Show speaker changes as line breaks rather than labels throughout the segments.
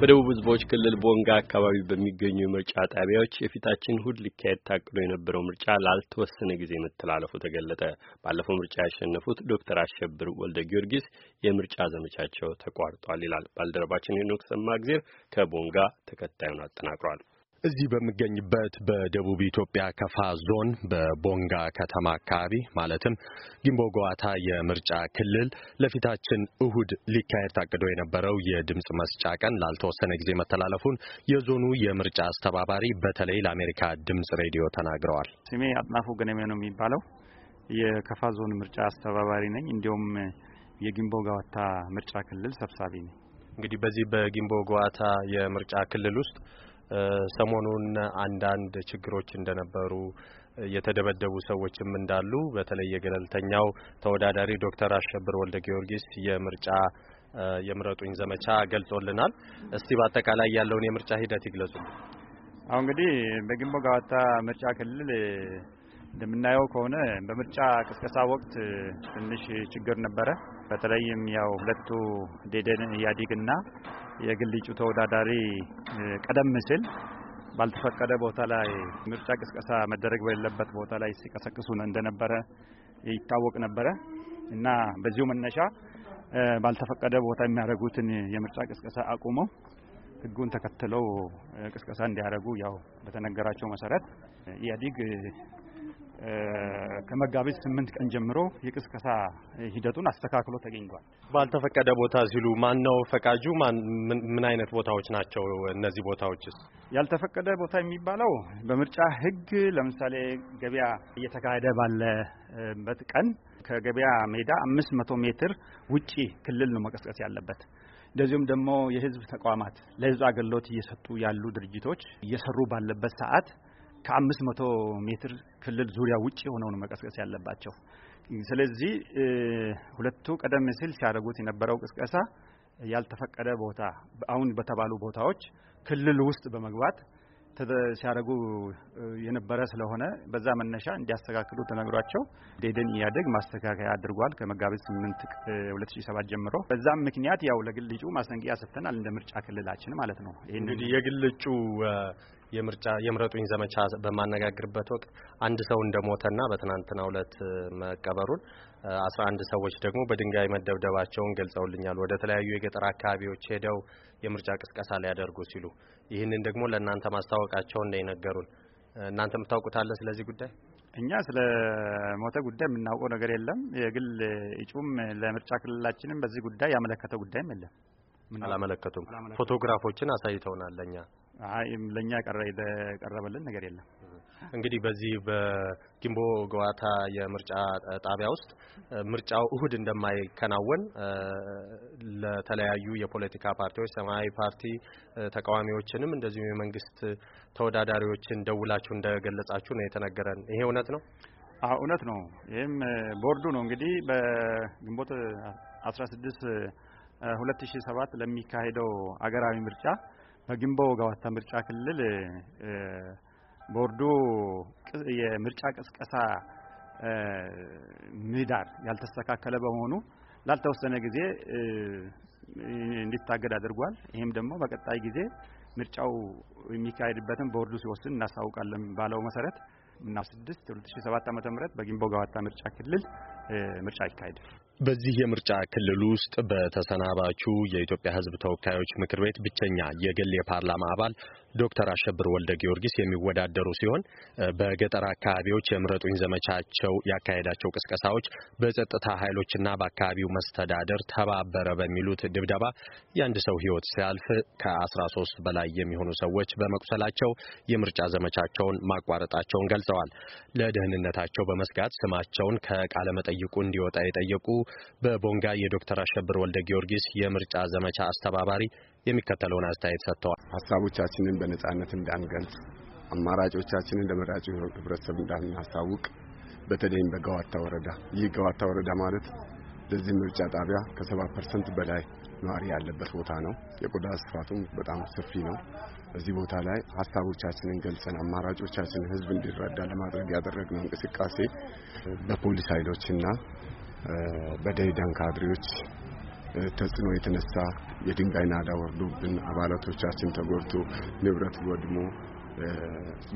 በደቡብ ህዝቦች ክልል ቦንጋ አካባቢ በሚገኙ የምርጫ ጣቢያዎች የፊታችን እሁድ ሊካሄድ ታቅዶ የነበረው ምርጫ ላልተወሰነ ጊዜ መተላለፉ ተገለጠ። ባለፈው ምርጫ ያሸነፉት ዶክተር አሸብር ወልደ ጊዮርጊስ የምርጫ ዘመቻቸው ተቋርጧል ይላል ባልደረባችን ሄኖክ ሰማእግዜር ከቦንጋ ተከታዩን አጠናቅሯል። እዚህ በምገኝበት በደቡብ ኢትዮጵያ ከፋ ዞን በቦንጋ ከተማ አካባቢ ማለትም ጊምቦ ገዋታ የምርጫ ክልል ለፊታችን እሁድ ሊካሄድ ታቅዶ የነበረው የድምፅ መስጫ ቀን ላልተወሰነ ጊዜ መተላለፉን የዞኑ የምርጫ አስተባባሪ በተለይ ለአሜሪካ ድምፅ ሬዲዮ ተናግረዋል።
ስሜ አጥናፉ ገነሜ ነው የሚባለው የከፋ ዞን ምርጫ አስተባባሪ ነኝ። እንዲሁም የጊምቦ ገዋታ ምርጫ ክልል ሰብሳቢ ነኝ።
እንግዲህ በዚህ በጊምቦ ገዋታ የምርጫ ክልል ውስጥ ሰሞኑን አንዳንድ ችግሮች እንደነበሩ የተደበደቡ ሰዎችም እንዳሉ በተለይ የገለልተኛው ተወዳዳሪ ዶክተር አሸብር ወልደ ጊዮርጊስ የምርጫ የምረጡኝ ዘመቻ ገልጾልናል። እስቲ በአጠቃላይ ያለውን የምርጫ ሂደት ይግለጹ።
አሁን እንግዲህ በግንቦ ጋዋታ ምርጫ ክልል እንደምናየው ከሆነ በምርጫ ቅስቀሳ ወቅት ትንሽ ችግር ነበረ። በተለይም ያው ሁለቱ ዴደን ኢህአዴግና የግል እጩ ተወዳዳሪ ቀደም ሲል ባልተፈቀደ ቦታ ላይ ምርጫ ቅስቀሳ መደረግ በሌለበት ቦታ ላይ ሲቀሰቅሱ እንደነበረ ይታወቅ ነበረ እና በዚሁ መነሻ ባልተፈቀደ ቦታ የሚያደርጉትን የምርጫ ቅስቀሳ አቁመው ህጉን ተከትለው ቅስቀሳ እንዲያደርጉ ያው በተነገራቸው መሰረት ኢህአዴግ ከመጋቢት ስምንት ቀን ጀምሮ የቅስቀሳ ሂደቱን አስተካክሎ ተገኝቷል።
ባልተፈቀደ ቦታ ሲሉ ማን ነው ፈቃጁ? ምን አይነት ቦታዎች ናቸው እነዚህ ቦታዎችስ?
ያልተፈቀደ ቦታ የሚባለው በምርጫ ሕግ ለምሳሌ ገበያ እየተካሄደ ባለበት ቀን ከገበያ ሜዳ አምስት መቶ ሜትር ውጪ ክልል ነው መቀስቀስ ያለበት። እንደዚሁም ደግሞ የህዝብ ተቋማት ለህዝብ አገልግሎት እየሰጡ ያሉ ድርጅቶች እየሰሩ ባለበት ሰዓት ከአምስት መቶ ሜትር ክልል ዙሪያ ውጭ የሆነውን መቀስቀስ ያለባቸው። ስለዚህ ሁለቱ ቀደም ሲል ሲያደርጉት የነበረው ቅስቀሳ ያልተፈቀደ ቦታ አሁን በተባሉ ቦታዎች ክልል ውስጥ በመግባት ሲያደርጉ የነበረ ስለሆነ በዛ መነሻ እንዲያስተካክሉ ተነግሯቸው ደኢህዴን እያደግ ማስተካከያ አድርጓል ከመጋቢት 8 2007 ጀምሮ። በዛም ምክንያት ያው ለግል እጩ ማስጠንቀቂያ ሰጥተናል እንደ ምርጫ ክልላችን ማለት ነው። ይህ እንግዲህ
የግል የምርጫ የምረጡኝ ዘመቻ በማነጋግርበት ወቅት አንድ ሰው እንደሞተና በትናንትናው ዕለት መቀበሩን 11 ሰዎች ደግሞ በድንጋይ መደብደባቸውን ገልጸውልኛል። ወደ ተለያዩ የገጠር አካባቢዎች ሄደው የምርጫ ቅስቀሳ ሊያደርጉ ሲሉ ይህንን ደግሞ ለእናንተ ማስታወቃቸውን ነው ነገሩን እናንተ
የምታውቁት አለ ስለዚህ ጉዳይ? እኛ ስለ ሞተ ጉዳይ የምናውቀው ነገር የለም። የግል እጩም ለምርጫ ክልላችንም በዚህ ጉዳይ ያመለከተው ጉዳይም የለም።
አላመለከቱም። ፎቶግራፎችን አሳይተውናል ለኛ
አይም ለኛ ቀረ የተቀረበልን ነገር የለም።
እንግዲህ በዚህ በጊምቦ ገዋታ የምርጫ ጣቢያ ውስጥ ምርጫው እሁድ እንደማይከናወን ለተለያዩ የፖለቲካ ፓርቲዎች ሰማያዊ ፓርቲ ተቃዋሚዎችንም እንደዚሁ የመንግስት ተወዳዳሪዎችን ደውላችሁ እንደገለጻችሁ ነው የተነገረን። ይሄ እውነት ነው?
አዎ እውነት ነው። ይህም ቦርዱ ነው እንግዲህ በግንቦት 16 2007 ለሚካሄደው አገራዊ ምርጫ በግንቦ ጋዋታ ምርጫ ክልል ቦርዱ የምርጫ ቅስቀሳ ምህዳር ያልተስተካከለ በመሆኑ ላልተወሰነ ጊዜ እንዲታገድ አድርጓል። ይህም ደግሞ በቀጣይ ጊዜ ምርጫው የሚካሄድበትን ቦርዱ ሲወስን እናስታውቃለን ባለው መሰረት እና 6 2007 ዓ.ም በጊንቦ ጋዋታ ምርጫ ክልል ምርጫ ይካሄድ።
በዚህ የምርጫ ክልል ውስጥ በተሰናባቹ የኢትዮጵያ ሕዝብ ተወካዮች ምክር ቤት ብቸኛ የግል የፓርላማ አባል ዶክተር አሸብር ወልደ ጊዮርጊስ የሚወዳደሩ ሲሆን በገጠር አካባቢዎች የምረጡኝ ዘመቻቸው ያካሄዳቸው ቅስቀሳዎች በጸጥታ ኃይሎችና በአካባቢው መስተዳደር ተባበረ በሚሉት ድብደባ የአንድ ሰው ሕይወት ሲያልፍ ከ13 በላይ የሚሆኑ ሰዎች በመቁሰላቸው የምርጫ ዘመቻቸውን ማቋረጣቸውን ገልጸዋል። ለደህንነታቸው በመስጋት ስማቸውን ከቃለ መጠይቁ እንዲወጣ የጠየቁ በቦንጋ የዶክተር አሸብር ወልደ ጊዮርጊስ የምርጫ ዘመቻ አስተባባሪ የሚከተለውን
አስተያየት ሰጥተዋል። ሀሳቦቻችንን በነጻነት እንዳንገልጽ፣ አማራጮቻችንን ለመራጩ ህብረተሰብ እንዳናሳውቅ በተለይም በገዋታ ወረዳ ይህ ገዋታ ወረዳ ማለት ለዚህ ምርጫ ጣቢያ ከሰባ ፐርሰንት በላይ ነዋሪ ያለበት ቦታ ነው። የቆዳ ስፋቱም በጣም ሰፊ ነው። እዚህ ቦታ ላይ ሀሳቦቻችንን ገልጸን አማራጮቻችንን ህዝብ እንዲረዳ ለማድረግ ያደረግነው እንቅስቃሴ በፖሊስ ኃይሎችና በደይደን ካድሬዎች ተጽዕኖ የተነሳ የድንጋይ ናዳ ወርዶብን አባላቶቻችን ተጎድቶ ንብረት ወድሞ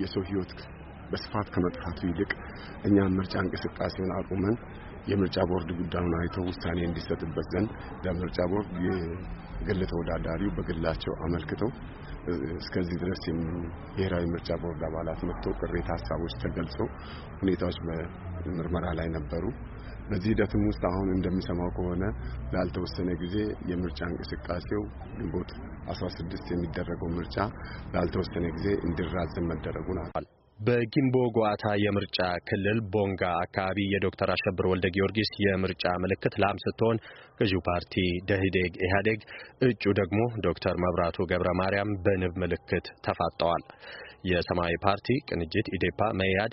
የሰው ሕይወት በስፋት ከመጥፋቱ ይልቅ እኛም ምርጫ እንቅስቃሴውን አቁመን የምርጫ ቦርድ ጉዳዩን አይቶ ውሳኔ እንዲሰጥበት ዘንድ ለምርጫ ቦርድ የግል ተወዳዳሪው በግላቸው አመልክተው እስከዚህ ድረስ የብሔራዊ ምርጫ ቦርድ አባላት መጥቶ ቅሬታ ሀሳቦች ተገልጾ ሁኔታዎች ምርመራ ላይ ነበሩ። በዚህ ሂደትም ውስጥ አሁን እንደሚሰማው ከሆነ ላልተወሰነ ጊዜ የምርጫ እንቅስቃሴው ግንቦት 16 የሚደረገው ምርጫ ላልተወሰነ ጊዜ እንዲራዘም መደረጉን አል
በጊምቦ ጓታ የምርጫ ክልል ቦንጋ አካባቢ የዶክተር አሸብር ወልደ ጊዮርጊስ የምርጫ ምልክት ላም ስትሆን ገዢው ፓርቲ ደህዴግ ኢህአዴግ እጩ ደግሞ ዶክተር መብራቱ ገብረ ማርያም በንብ ምልክት ተፋጠዋል። የሰማያዊ ፓርቲ፣ ቅንጅት፣ ኢዴፓ፣ መያድ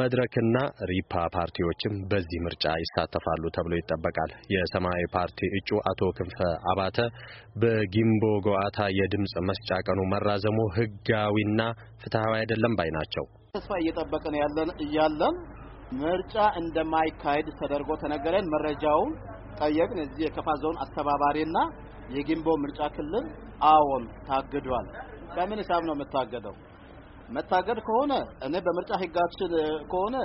መድረክና ሪፓ ፓርቲዎችም በዚህ ምርጫ ይሳተፋሉ ተብሎ ይጠበቃል። የሰማያዊ ፓርቲ እጩ አቶ ክንፈ አባተ በጊምቦ ጎአታ የድምፅ መስጫ ቀኑ መራዘሙ ህጋዊና ፍትሐዊ አይደለም ባይ ናቸው።
ተስፋ እየጠበቅን ያለን እያለን ምርጫ እንደማይካሄድ ተደርጎ ተነገረን። መረጃውን ጠየቅን። እዚህ የከፋ ዞን አስተባባሪና የጊምቦ ምርጫ ክልል አዎን ታግዷል። ከምን ሂሳብ ነው የምታገደው? መታገድ ከሆነ እኔ በምርጫ ህጋችን ከሆነ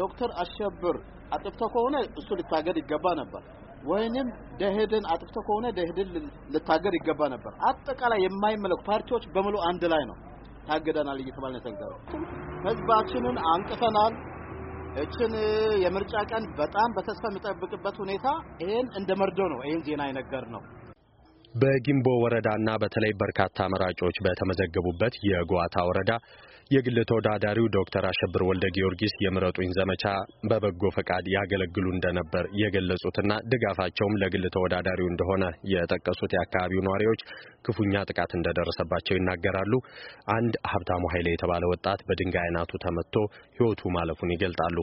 ዶክተር አሸብር አጥፍቶ ከሆነ እሱ ሊታገድ ይገባ ነበር፣ ወይንም ደሄድን አጥፍቶ ከሆነ ደኢህዴን ሊታገድ ይገባ ነበር። አጠቃላይ የማይመለኩ ፓርቲዎች በሙሉ አንድ ላይ ነው ታገደናል እየተባለ ነው የተነገረው። ህዝባችንን አንቅፈናል። እችን የምርጫ ቀን በጣም በተስፋ የሚጠብቅበት ሁኔታ ይሄን እንደ መርዶ ነው። ይሄን ዜና የነገር ነው።
በጊምቦ ወረዳና በተለይ በርካታ መራጮች በተመዘገቡበት የጓታ ወረዳ የግል ተወዳዳሪው ዶክተር አሸብር ወልደ ጊዮርጊስ የምረጡኝ ዘመቻ በበጎ ፈቃድ ያገለግሉ እንደነበር የገለጹትና ድጋፋቸውም ለግል ተወዳዳሪው እንደሆነ የጠቀሱት የአካባቢው ነዋሪዎች ክፉኛ ጥቃት እንደደረሰባቸው ይናገራሉ። አንድ ሀብታሙ ኃይሌ የተባለ ወጣት በድንጋይ አናቱ ተመትቶ ሕይወቱ ማለፉን ይገልጣሉ።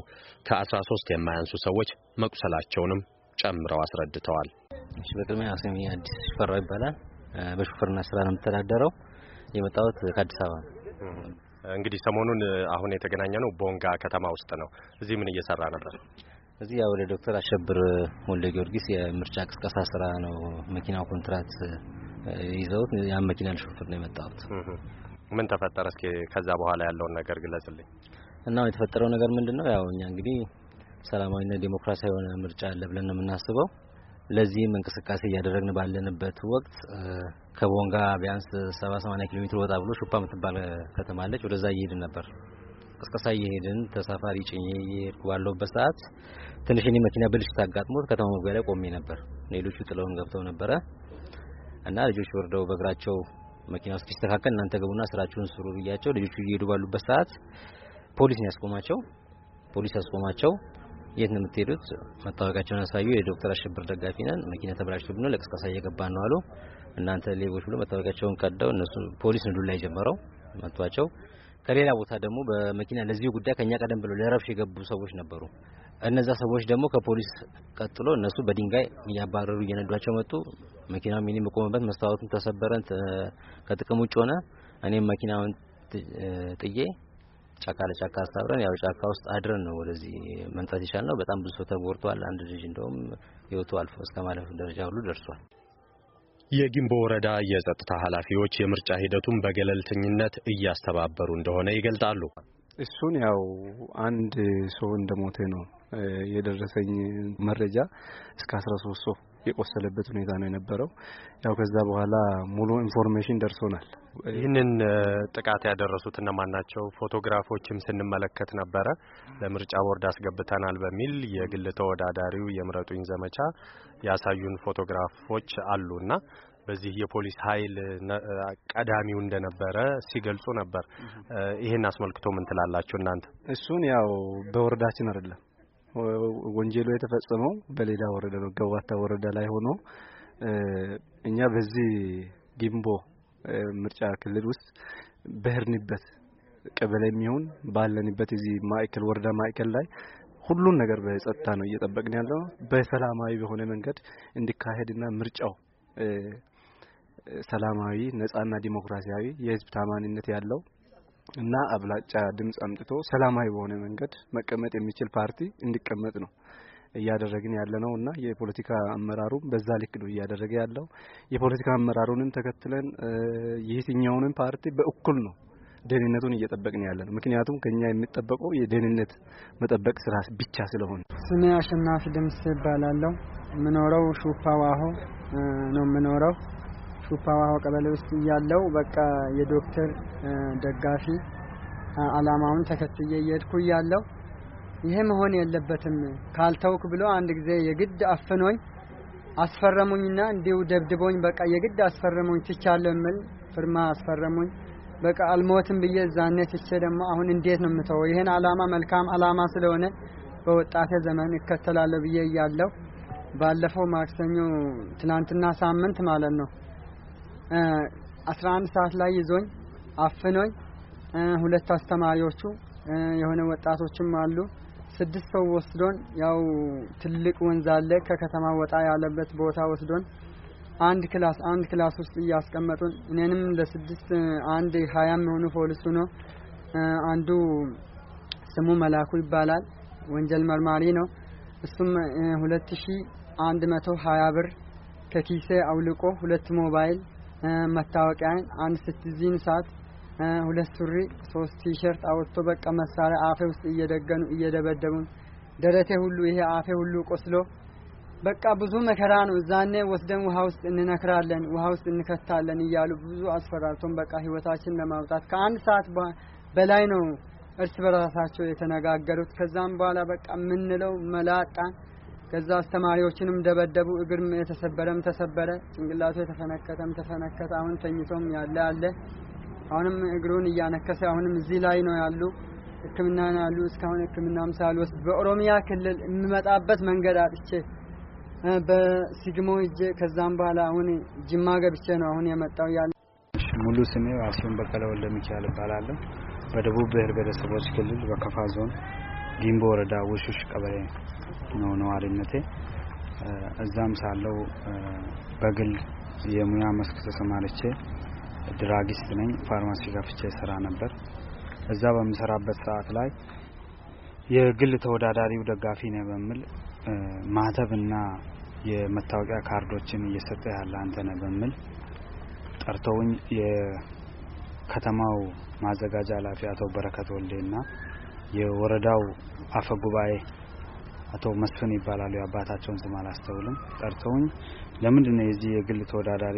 ከአስራ ሶስት የማያንሱ ሰዎች መቁሰላቸውንም
ጨምረው አስረድተዋል። እሺ በቅድሚያ ስሜ አዲስ ሽፈራው ይባላል። በሹፍርና ስራ ነው የምተዳደረው። የመጣሁት ከአዲስ አበባ ነው። እንግዲህ ሰሞኑን
አሁን የተገናኘ ነው ቦንጋ ከተማ ውስጥ ነው። እዚህ ምን እየሰራ ነበር?
እዚህ ያው ለዶክተር አሸብር ወልደ ጊዮርጊስ የምርጫ ቅስቀሳ ስራ ነው። መኪናው ኮንትራት ይዘውት ያን መኪና ልሾፍር ነው የመጣሁት።
ምን ተፈጠረ? እስኪ ከዛ በኋላ ያለውን ነገር ግለጽልኝ
እና የተፈጠረው ነገር ምንድን ነው? ያው እኛ እንግዲህ ሰላማዊና ዴሞክራሲያዊ የሆነ ምርጫ አለ ብለን ነው የምናስበው ለዚህም እንቅስቃሴ እያደረግን ባለንበት ወቅት ከቦንጋ ቢያንስ 78 ኪሎ ሜትር ወጣ ብሎ ሹፓ የምትባል ከተማ አለች። ወደዛ እየሄድን ነበር። ቅስቀሳ እየሄድን ተሳፋሪ ጭኜ እየሄድኩ ባለሁበት ሰዓት ትንሽ እኔ መኪና ብልሽት አጋጥሞት ከተማ መግቢያ ላይ ቆሜ ነበር። ሌሎቹ ጥለውን ገብተው ነበረ እና ልጆች ወርደው በእግራቸው መኪናው ውስጥ እናንተ ገቡና ስራችሁን ስሩ ብያቸው ልጆቹ እየሄዱ ባሉበት ሰዓት ፖሊስ ነው ያስቆማቸው። ፖሊስ ያስቆማቸው የት ነው የምትሄዱት? መታወቂያቸውን አሳዩ። የዶክተር አሸብር ደጋፊ ነን፣ መኪና ተበላሽቶብን ብነው ለቅስቀሳ እየገባን ነው አሉ። እናንተ ሌቦች ብሎ መታወቂያቸውን ቀደው፣ እነሱ ፖሊስ ንዱ ላይ ጀመረው መቷቸው። ከሌላ ቦታ ደግሞ በመኪና ለዚሁ ጉዳይ ከኛ ቀደም ብሎ ለረብሽ የገቡ ሰዎች ነበሩ። እነዛ ሰዎች ደግሞ ከፖሊስ ቀጥሎ እነሱ በድንጋይ እያባረሩ እየነዷቸው መጡ። መኪናው ሚኒ መቆመበት መስታወቱን ተሰበረን፣ ከጥቅም ውጭ ሆነ። እኔም መኪናውን ጥዬ ጫካ ለጫካ አስታብረን ያው ጫካ ውስጥ አድረን ነው ወደዚህ መምጣት ነው። በጣም ብዙ ሰው ተጎድቷል። አንድ ልጅ እንደውም ህይወቱ አልፎ እስከ ማለፍ ደረጃ ሁሉ ደርሷል።
የጊምቦ ወረዳ የጸጥታ ኃላፊዎች የምርጫ ሂደቱን በገለልተኝነት እያስተባበሩ እንደሆነ ይገልጣሉ።
እሱን ያው አንድ ሰው እንደሞተ ነው የደረሰኝ መረጃ እስከ አስራ ሶስት ሰው የቆሰለበት ሁኔታ ነው የነበረው። ያው ከዛ በኋላ ሙሉ ኢንፎርሜሽን ደርሶናል። ይህንን
ጥቃት ያደረሱት እነማን ናቸው? ፎቶግራፎችም ስንመለከት ነበረ። ለምርጫ ቦርድ አስገብተናል በሚል የግል ተወዳዳሪው የምረጡኝ ዘመቻ ያሳዩን ፎቶግራፎች እና በዚህ የፖሊስ ኃይል ቀዳሚው እንደነበረ ሲገልጹ ነበር። ይህን አስመልክቶ ምን ትላላችሁ እናንተ?
እሱን ያው በወረዳችን አይደለም ወንጀሉ የተፈጸመው በሌላ ወረዳ ነው፣ ገዋታ ወረዳ ላይ ሆኖ እኛ በዚህ ጊምቦ ምርጫ ክልል ውስጥ በህርንበት ቀበሌ የሚሆን ባለንበት እዚህ ማዕከል ወረዳ ማዕከል ላይ ሁሉን ነገር በጸጥታ ነው እየጠበቅን ያለው በሰላማዊ በሆነ መንገድ እንዲካሄድና ምርጫው ሰላማዊ፣ ነጻና ዲሞክራሲያዊ የህዝብ ታማኝነት ያለው እና አብላጫ ድምፅ አምጥቶ ሰላማዊ በሆነ መንገድ መቀመጥ የሚችል ፓርቲ እንዲቀመጥ ነው እያደረግን ያለ ነው እና የፖለቲካ አመራሩም በዛ ልክ ነው እያደረገ ያለው። የፖለቲካ አመራሩንም ተከትለን የትኛውንም ፓርቲ በእኩል ነው ደህንነቱን እየጠበቅን ያለ ነው። ምክንያቱም ከኛ የሚጠበቀው የደህንነት መጠበቅ ስራ ብቻ ስለሆነ።
ስሜ አሸናፊ ድምጽ ይባላለሁ። የምኖረው ሹፓ ዋሆ ነው የምኖረው ሱፓዋ ቀበሌ ውስጥ እያለው በቃ የዶክተር ደጋፊ አላማውን ተከትዬ እየሄድኩ እያለው ይሄ መሆን የለበትም ካልተውክ ብሎ አንድ ጊዜ የግድ አፍኖኝ አስፈረሙኝና እንዲሁ ደብድቦኝ በቃ የግድ አስፈረሙኝ። ትቻለሁ የምል ፍርማ አስፈረሙኝ። በቃ አልሞትም ብዬ እዛኔ ትቼ ደግሞ አሁን እንዴት ነው የምተወው? ይህን አላማ መልካም አላማ ስለሆነ በወጣቴ ዘመን እከተላለሁ ብዬ እያለው ባለፈው ማክሰኞ ትናንትና ሳምንት ማለት ነው አስራ አንድ ሰዓት ላይ ይዞኝ አፍኖኝ ሁለት አስተማሪዎቹ የሆነ ወጣቶችም አሉ ስድስት ሰው ወስዶን ያው ትልቅ ወንዝ አለ ከከተማ ወጣ ያለበት ቦታ ወስዶን አንድ ክላስ አንድ ክላስ ውስጥ እያስቀመጡን እኔንም ለስድስት አንድ ሀያ የሆኑ ፖሊስ ነው አንዱ ስሙ መላኩ ይባላል ወንጀል መርማሪ ነው እሱም ሁለት ሺ አንድ መቶ ሀያ ብር ከኪሴ አውልቆ ሁለት ሞባይል መታወቂያን፣ አንድ ስቲዚን ሰዓት፣ ሁለት ሱሪ፣ ሶስት ቲሸርት አውጥቶ በቃ መሳሪያ አፌ ውስጥ እየደገኑ እየደበደቡ ደረቴ ሁሉ ይሄ አፌ ሁሉ ቆስሎ በቃ ብዙ መከራ ነው። እዛኔ ወስደን ውሃ ውስጥ እንነክራለን፣ ውሃ ውስጥ እንከታለን እያሉ ብዙ አስፈራርቶን በቃ ህይወታችን ለማውጣት ከአንድ ሰዓት በላይ ነው እርስ በራሳቸው የተነጋገሩት። ከዛም በኋላ በቃ የምንለው መላጣን ከዛ አስተማሪዎችንም ደበደቡ። እግርም የተሰበረም ተሰበረ፣ ጭንቅላቱ የተፈነከተም ተፈነከተ። አሁን ተኝቶም ያለ አለ። አሁንም እግሩን እያነከሰ አሁንም እዚህ ላይ ነው ያሉ ሕክምና ያሉ እስካሁን ሕክምናም ሳልወስድ በኦሮሚያ ክልል የምመጣበት መንገድ አጥቼ በሲግሞ ሂጄ ከዛም በኋላ አሁን ጅማ ገብቼ ነው አሁን የመጣው ያለ።
ሙሉ ስሜ አስዮን በቀለ ወልደ ሚካኤል እባላለሁ። በደቡብ ብሔር ብሔረሰቦች ክልል በከፋ ዞን ጊምቦ ወረዳ ውሽሽ ቀበሌ ነው። ነው ነዋሪነቴ። እዛም ሳለው በግል የሙያ መስክ ተሰማርቼ ድራጊስት ነኝ። ፋርማሲ ከፍቼ ስራ ነበር። እዛ በምሰራበት ሰዓት ላይ የግል ተወዳዳሪው ደጋፊ ነህ በሚል ማተብና የመታወቂያ ካርዶችን እየሰጠ ያለ አንተ ነህ በሚል ጠርተውኝ የከተማው ማዘጋጃ ኃላፊ አቶ በረከት ወልዴና የወረዳው አፈ ጉባኤ አቶ መስፍን ይባላሉ። የአባታቸውን ስም አላስተውልም። ጠርተውኝ ለምንድን ነው የዚህ የግል ተወዳዳሪ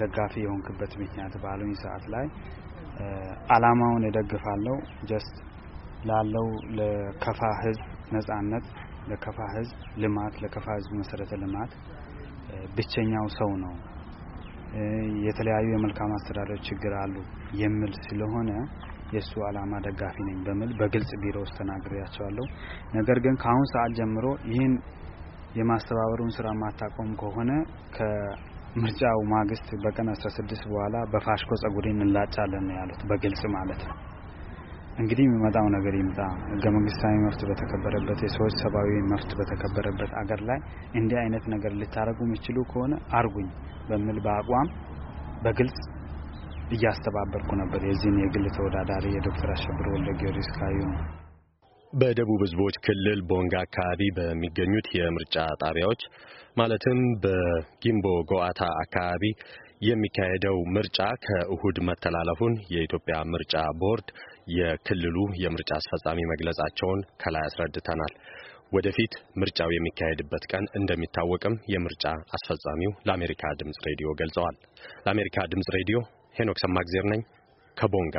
ደጋፊ የሆንክበት ምክንያት ባሉኝ ሰዓት ላይ አላማውን እደግፋለሁ ጀስት ላለው ለከፋ ህዝብ ነጻነት፣ ለከፋ ህዝብ ልማት፣ ለከፋ ህዝብ መሰረተ ልማት ብቸኛው ሰው ነው። የተለያዩ የመልካም አስተዳደር ችግር አሉ የሚል ስለሆነ የእሱ ዓላማ ደጋፊ ነኝ በሚል በግልጽ ቢሮ ውስጥ ተናግሬያቸዋለሁ። ነገር ግን ከአሁን ሰዓት ጀምሮ ይህን የማስተባበሩን ስራ ማታቆም ከሆነ ከምርጫው ማግስት በቀን 16 በኋላ በፋሽኮ ጸጉሬ እንላጫለን ነው ያሉት፣ በግልጽ ማለት ነው። እንግዲህ የሚመጣው ነገር ይምጣ። ህገ መንግስታዊ መብት በተከበረበት የሰዎች ሰብአዊ መብት በተከበረበት አገር ላይ እንዲህ አይነት ነገር ልታደርጉ የሚችሉ ከሆነ አርጉኝ በሚል በአቋም በግልጽ እያስተባበርኩ ነበር የዚህን የግል ተወዳዳሪ የዶክተር አሸብር ወልደ ጊዮርጊስ ካዩ ነው።
በደቡብ ህዝቦች ክልል ቦንጋ አካባቢ በሚገኙት የምርጫ ጣቢያዎች ማለትም በጊምቦ ጎአታ አካባቢ የሚካሄደው ምርጫ ከእሁድ መተላለፉን የኢትዮጵያ ምርጫ ቦርድ የክልሉ የምርጫ አስፈጻሚ መግለጻቸውን ከላይ አስረድተናል። ወደፊት ምርጫው የሚካሄድበት ቀን እንደሚታወቅም የምርጫ አስፈጻሚው ለአሜሪካ ድምፅ ሬዲዮ ገልጸዋል። ለአሜሪካ ድምጽ ሬዲዮ ሄኖክ ሰማግዜር ነኝ ከቦንጋ